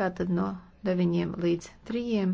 Tātad no 9 līdz 3.